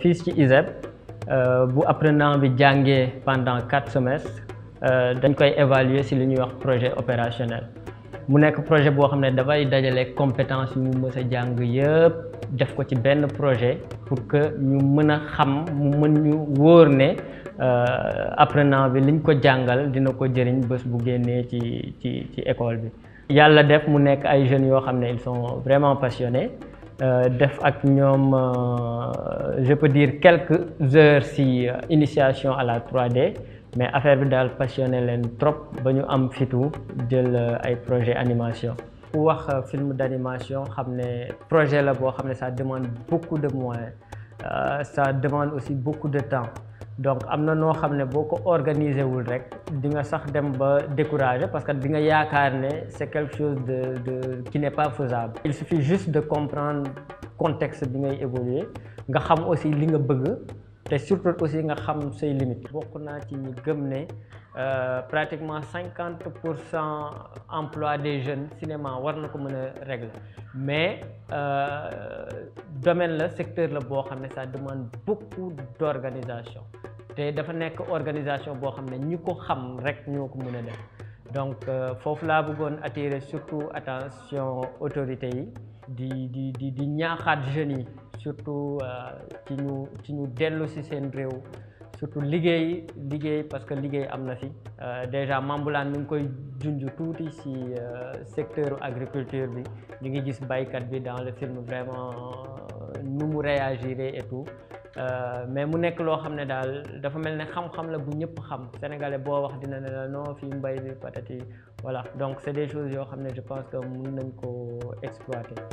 fii ci ISEP euh, bu apprenant bi jàngee pendant quatre semestres euh, dañ koy évaluer si li ñuy wax projet opérationnel mu nekk projet boo xam ne dafay dajale compétence yu mu mës a jàng yëpp def ko ci benn projet pour que ñu mën a xam mu mën ñu wóor euh, apprenant bi liñ ko jàngal dina ko jëriñ bés bu génnee ci ci ci école bi yàlla def mu nekk ay jeunes yoo xam ils sont vraiment passionnés euh, def ak euh, je peux dire quelques heures si euh, initiation à la 3D mais affaire bi dal passionné len trop bañu am fitu jël ay projet animation wax film d'animation xamné projets projet la bo xamné ça demande beaucoup de moyens ça demande aussi beaucoup de temps donc am na noo xam ne boo ko organiser wul rek di nga sax dem ba décourager parce que di nga yaakaar ne c'est quelque chose de de qui n'est pas faisable il suffit juste de comprendre contexte bi ngay évoluer nga xam aussi li nga bëgg surtout aussi nga xam say limites bokk naa ci euh, pratiquement 50% pour emploi des jeunes cinéma war na ko mën mais euh, domaine la secteur la boo xam ça demande beaucoup d'organisation te dafa nekk organisation boo xam ne ñi ko xam rek ñoo ko mën a def donc euh, foofu laa bëggoon attirer surtout attention autorité yi di di di di ñaaxaat jeunes yi surtout euh, ci ñu ci ñu dellu si seen réew surtout liggéey liggéey parce que liggéey am na fi euh, déjà Mambulaan mi ngi koy junj tuuti si secteur agriculture bi ñu ngi gis baykat bi dans le film vraiment nu mu réagiré et tout Euh, mais mu nekk loo xam ne daal dafa mel ne xam-xam la bu ñëpp xam sénégalais boo wax dina ne la non fii mbay mi patati voilà donc c'est des choses yoo xam ne je pense que mun nañ koo exploiter